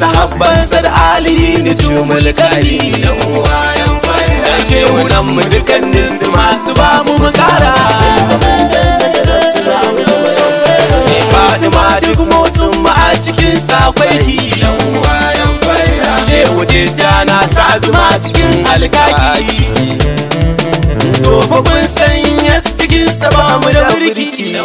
sahabbansa da alihi da cumul kari da uwayen fara shehunan mu dukannin su masu ba mu makara ne fadima duk motsin a cikin sakwai da uwayen jana sa zuma cikin alkaki to fa kun san yas cikin sa da birki da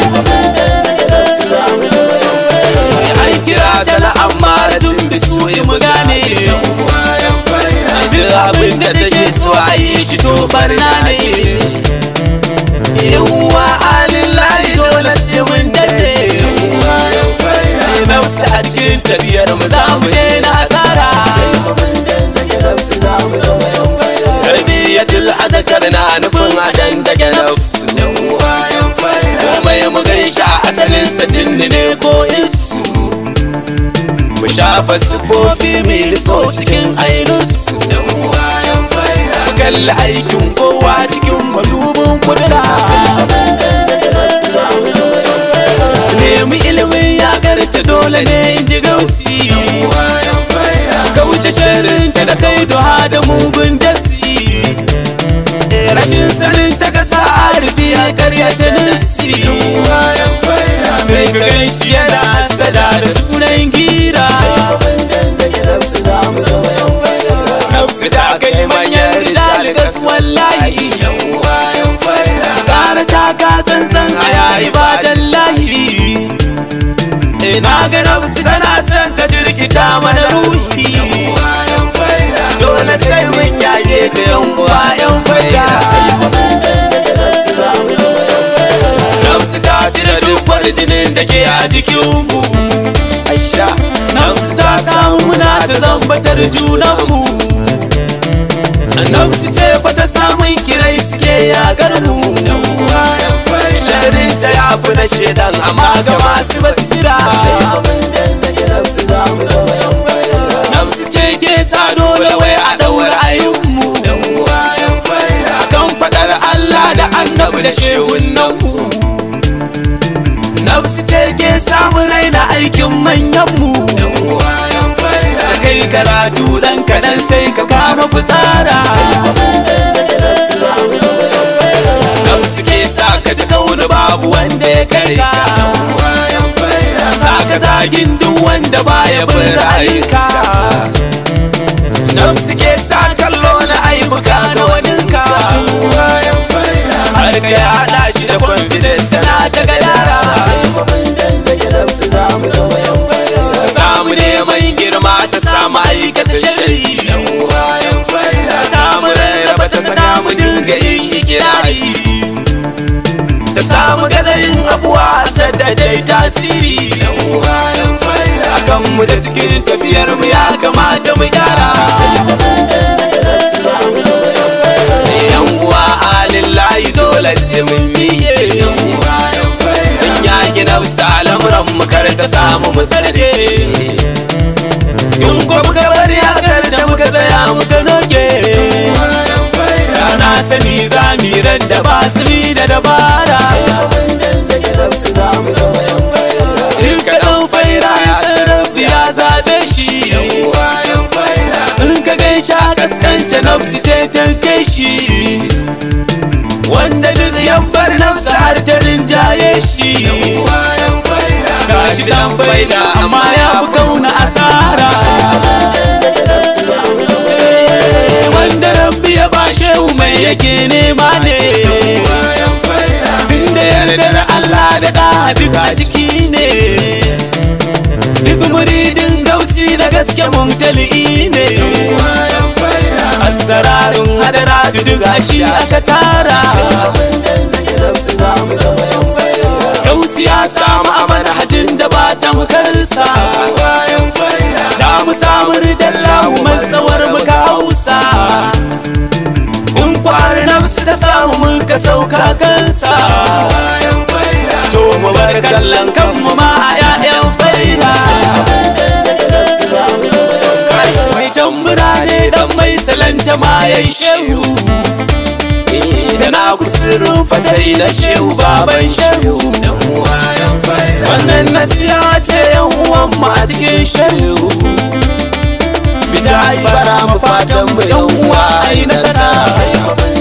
abin da take so a yi shi to barna ne yawwa alillahi dole sai mun dade a cikin tafiyar mu za mu daina asara tarbiyyatul azkar na nufin adan da ganafsu kuma ya mu gaisha asalin sa jinni ne ko isu mu shafa sufofi mai liso cikin ainihin kalli aikin kowa cikin madubin kudura nemi ilimin ya garta dole ne in ji gausi ka wuce shirinta da kai duha da mugun dasi e, rashin sanin ta kasa arifi a karya ta nasi sai ka gaishe yana asada da sunan gira Nafsu ta kai manya tabbas wallahi yawa yan faira kara taka a yayi ba dallahi ina ga nafsu tana son ta jirkita mana ruhi dole sai mun yage ta yan uwa yan faira nafsu ta cire duk jinin da ke a jikin mu nafsu ta samu muna ta zambatar junanmu nafsu ya garnu sharinta ya fi na shedan amma ga masu basira nafsu ce ke sa dole wai a ɗaura ayinmu faɗar Allah da annabi da nan ce ke samun raina aikin manyanmu kai karatu ɗan kaɗan sai ka fara fitsara ra'ayinka bayan zagin duk wanda baya bin ra'ayinka nafsi ke sa kallo na aibuka ga waninka bayan har ka hada shi da confidence kana na yara neman girma ta samu aikata shari'i rarraba ta saka mu dinga mu gaza yin abuwa sadda ta yi tasiri a kanmu da cikin tafiyar mu ya kamata mu gyara yan uwa alin layi dole sai mun miye mun yaki na bisa al'amuran mu kar samu mu sarde in ko muka bari akar ta muka tsaya muka noke rana sani zamiran da ba su zance nafsi ta shi wanda duk yan fara nafsa har ta rinjaye shi kashi dan faida amma ya fi kauna asara wanda rabbi ya ba shehu mai yake nema ne yarda yardar Allah da ɗa duk a ciki ne duk muridin gausi da gaske mumtali ne tudu gashi aka tara yau siyasa mu a manhajin da ba ta mukarsa za mu samu ridalla mu matsawar mu kawusa in kwari nafsu ta samu mun sauka kansa to mu bar kallon kanmu ma a 'ya'yan faira mai birane don mai salanta ma yayi sai na shehu baban shehu wannan nasiha ce yan uwan mu a cikin shehu bita ai bara mu fatan mu yan uwa ai nasara